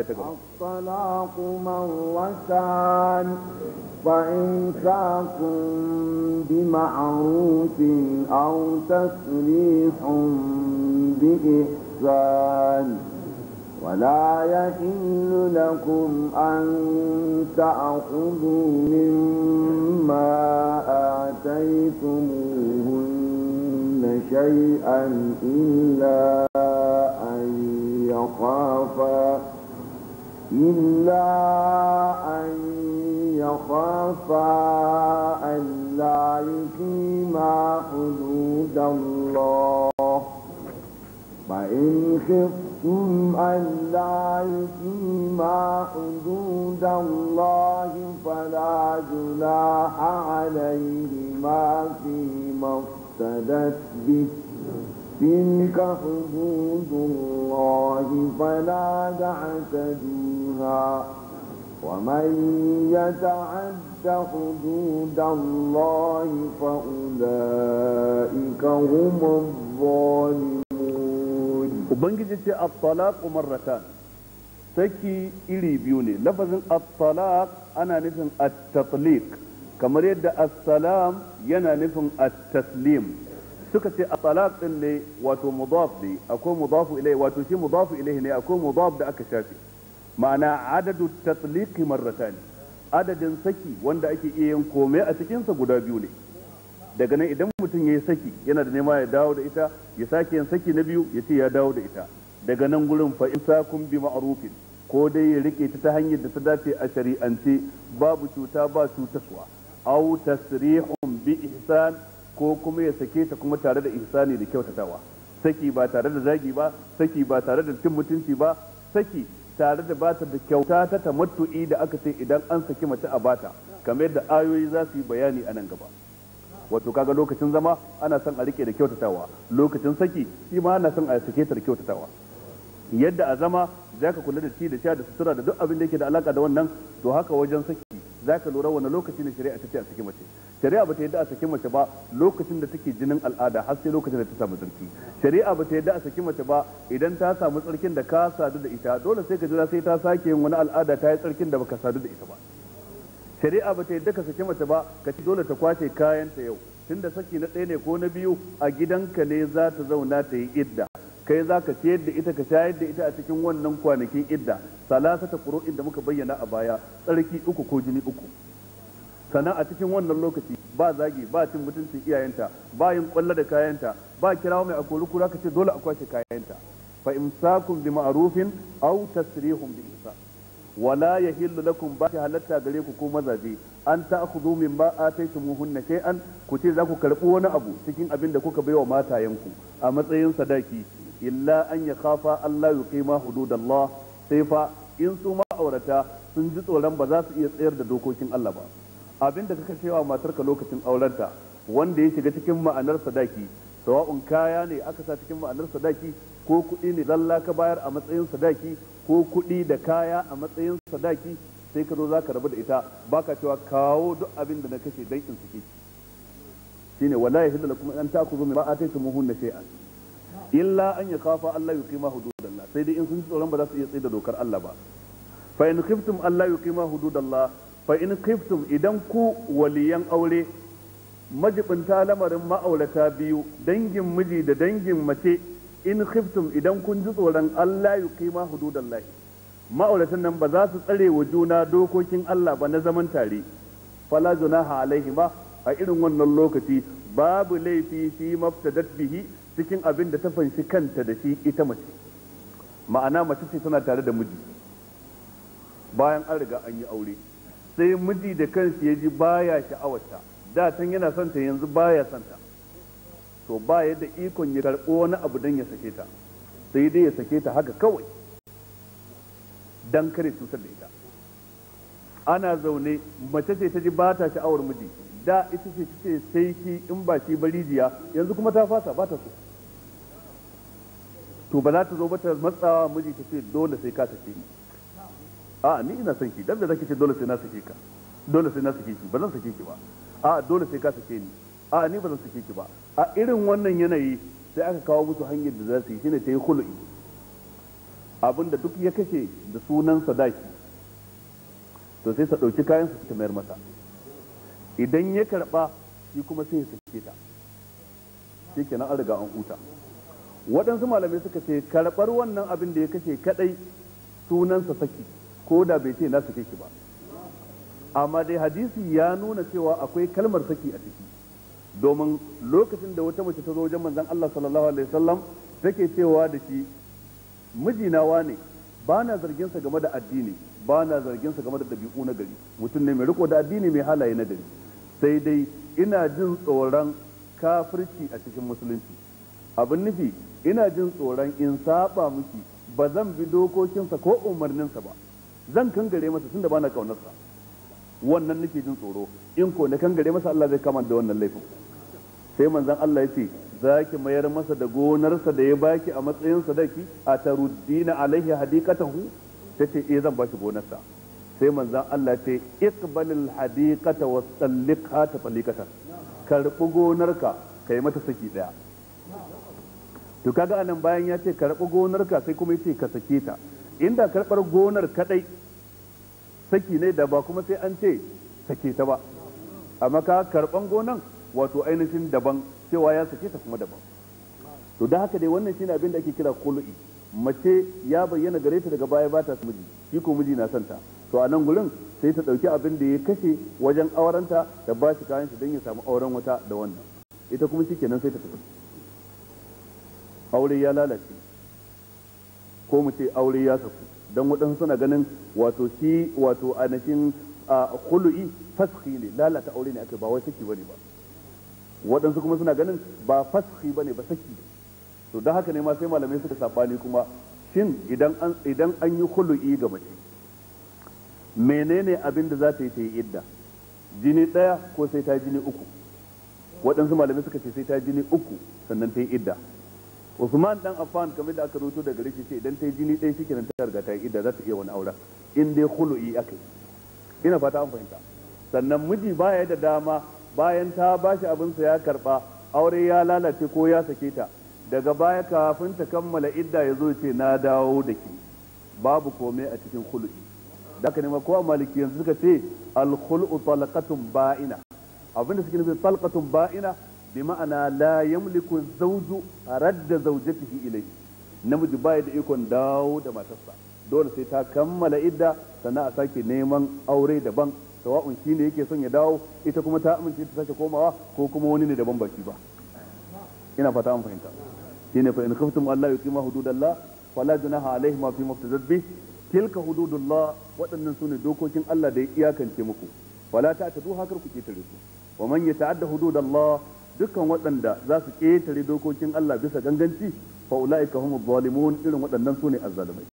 الطلاق مرتان فإمساك بمعروف أو تسريح بإحسان ولا يحل لكم أن تأخذوا مما آتيتموهن شيئا إلا أن يخافا إلا أن يخافا لا يقيما حدود الله فإن خفتم أن لا يقيما حدود الله فلا جناح عليهما فيما افتدت به تلك حدود الله فلا تعتدوها ومن يتعد حدود الله فأولئك هم الظالمون وبنجي الطلاق مرتان saki iri biyu ne lafazin at-talaq ana nufin at-tatliq kamar yadda as yana nufin at-taslim suka ce a salat din ne wato mudaf ne akwai mudafu ilai wato shi mudafu ilai ne akwai mudaf da aka shafe ma'ana adadu tatliqi marratan adadin saki wanda ake iya yin komai a cikinsa guda biyu ne daga nan idan mutum yi saki yana da nema ya dawo da ita ya sake yin saki na biyu ya ce ya dawo da ita daga nan gurin fa kun bi ma'rufin ko dai ya rike ta ta hanyar da ta dace a shari'ance babu cuta ba cutaswa aw bi ihsan ko kuma ya sake ta kuma tare da ihsani da kyautatawa saki ba tare da zagi ba saki ba tare da cin mutunci ba saki tare da bata da kyauta ta tamattu'i da aka ce idan an saki mace a bata kamar yadda ayoyi za su yi bayani a nan gaba wato kaga lokacin zama ana son a rike da kyautatawa lokacin saki shi ma ana son a sake ta da kyautatawa yadda a zama za ka kula da ci da sha da sutura da duk abin da yake da alaka da wannan to haka wajen saki za ka lura wani lokaci ne shari'a ta ce a saki mace shari'a ba ta yadda a saki mace ba lokacin da take jinin al'ada har sai lokacin da ta samu tsarki shari'a ba ta yadda a saki mace ba idan ta samu tsarkin da ka sadu da ita dole sai ka jira sai ta sake yin wani al'ada ta yi tsarkin da baka sadu da ita ba shari'a ba ta yadda ka saki mace ba ka ci dole ta kwashe kayan ta yau tunda saki na ɗaya ne ko na biyu a gidanka ne za ta zauna ta yi idda kai za ka ciyar da ita ka shayar da ita a cikin wannan kwanakin idda salasa ta kuro inda muka bayyana a baya tsarki uku ko jini uku sannan a cikin wannan lokaci ba zagi ba cin mutuncin iyayenta ba yin kwallo da kayanta ba kirawa mai akori kura ka ce dole a kwashe kayanta fa imsakun bi ma'rufin aw tasrihum bi isa wala yahillu lakum ba ta halatta gare ku ko mazaje an ta akhudhu min ma ataytumuhunna shay'an ku ce za ku karbi wani abu cikin abin da kuka baiwa ku a matsayin sadaki illa an ya kafa Allah ya kai ma hududallah sai fa in su ma'aurata sun ji tsoron ba za su iya tsayar da dokokin Allah ba abin da kaka cewa ka lokacin aurenta wanda ya shiga cikin ma'anar sadaki sawa'un kaya ne aka sa cikin ma'anar sadaki ko kuɗi ne zalla ka bayar a matsayin sadaki ko kuɗi da kaya a matsayin sadaki sai ka zo za ka rabu da ita baka cewa kawo duk abin da na kashe dan in suke shine wala yahillu lakum an ta'khudhu muhun na shay'an illa an ya kafa Allah yuqima hududallah sai dai in sun tsoron ba za su iya tsaye dokar Allah ba fa in khiftum Allah yuqima hududallah fa in khiftum idan ku waliyan aure majibinta lamarin ma'aurata biyu dangin miji da dangin mace in khiftum idan kun ji tsoron Allah yuqima ma'auratan nan ba za su tsare wa juna dokokin Allah ba na zaman tare fala junaha alaihima a irin wannan lokaci babu laifi fi maftadat bihi cikin abin da ta fanshi kanta da shi ita mace ma'ana mace ce tana tare da miji bayan an riga an yi aure sai miji da kansa ya ji baya sha'awarta da can yana son ta yanzu baya son ta to ba yadda ikon ya karɓo wani abu don ya sake ta sai dai ya sake ta haka kawai don kare cutar da ita ana zaune mace ce ta ji ba ta sha'awar miji da ita ce ta ce sai ki in ba shi ba rijiya yanzu kuma ta fasa ba ta so to ba za ta zo ba ta matsawa miji ta ce dole sai ka sake ni a ni ina son ki dan da zaki ce dole sai na sake ka dole sai na sake ki ba zan sake ki ba a dole sai ka sake ni a ni ba zan sake ki ba a irin wannan yanayi sai aka kawo musu hanyar da za su yi shine ta yi khulu'i abinda duk ya kashe da sunan sadaki to sai sa ɗauki kayan su suka mayar masa idan ya karɓa shi kuma sai ya sake ta shi ke an riga an huta waɗansu malamai suka ce karɓar wannan abin da ya kashe kaɗai sunansa saki ko da bai ce na sake ki ba amma dai hadisi ya nuna cewa akwai kalmar saki a ciki domin lokacin da wata mace ta zo wajen manzon Allah sallallahu alaihi wasallam take cewa da shi mijina ne ba na zargin sa game da addini ba na zargin sa game da dabi'u na gari mutum ne mai riko da addini mai halaye na gari sai dai ina jin tsoron kafirci a cikin musulunci abin nufi ina jin tsoron in saba miki ba zan bi dokokinsa ko umarninsa ba zan kangare masa tunda bana kaunarsa wannan nake jin tsoro in ko na kangare masa Allah zai kama da wannan laifin sai manzon Allah ya ce zaki mayar masa da gonarsa da ya baki a matsayin sadaki a taruddina alaihi hadiqatahu tace eh zan baki gonarsa sai manzan Allah ce iqbalil hadikata wa tsallika ta talliqatan karbi gonarka kai mata saki daya to kaga anan bayan ya ce karbi gonarka sai kuma yace ka sake ta inda karbar gonar kaɗai saki ne da ba kuma sai an ce sake ta ba amma ka karban gonan wato ainihin daban cewa ya sake ta kuma daban to da haka dai wannan shine abin da ake kira kulu'i mace ya bayyana gare ta daga baya ba ta miji shi ko miji na santa to a nan gurin sai ta ɗauki abin da ya kashe wajen aurenta da ba shi kayan shi don ya samu auren wata da wannan ita kuma shi kenan sai ta tafi aure ya lalace ko mu ce aure ya saku don waɗansu suna ganin wato shi wato anashin kulu'i fasfi ne lalata aure ne aka ba wai saki bane ba waɗansu kuma suna ganin ba faski bane ba saki ne to don haka ne ma sai malamai suka saɓani kuma shin idan an yi kulu'i ga mace menene abin da za ta yi ta yi idda jini ɗaya ko sai ta jini uku waɗansu malamai suka ce sai ta jini uku sannan ta yi idda Usman dan Affan kamar da aka rubuto daga rishi ce idan ta yi jini ɗaya shi kenan ta riga ta yi idda za ta iya wani aura in dai khulu'i aka ina fata an fahimta sannan miji baya da dama bayan ta bashi abinsa ya karba aure ya lalace ko ya sake ta daga baya kafin ta kammala idda ya zo ce na dawo da ke babu komai a cikin khulu'i da aka nema kowa maliki yanzu suka ce alkhul'u talqatun ba'ina abinda suke nufi talqatun ba'ina bi ma'ana la yamliku zawju radda zawjatihi ilayhi namiji baya da ikon dawo da matarsa dole sai ta kammala idda sannan a sake neman aure daban sawa'un shi ne yake son ya dawo ita kuma ta amince ta sake komawa ko kuma wani ne daban baki ba ina fata an fahimta shine fa in khaftum alla yuqima hududallah fala junaha ma fi maftadat tilka hududullah waɗannan sune dokokin Allah da ya iyakance muku wala ta ta duha kar ku ketare su wa man yata'adda hududallah dukkan waɗanda za su ketare dokokin Allah bisa ganganci fa ulaika humu zalimun irin waɗannan sune azzalimai